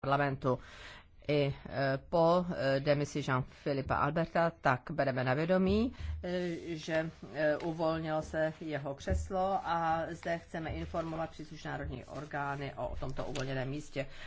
parlamentu i e, po e, demisi Jean-Filipa Alberta, tak bereme na vědomí, e, že uvolnilo se jeho křeslo a zde chceme informovat příslušné národní orgány o tomto uvolněném místě.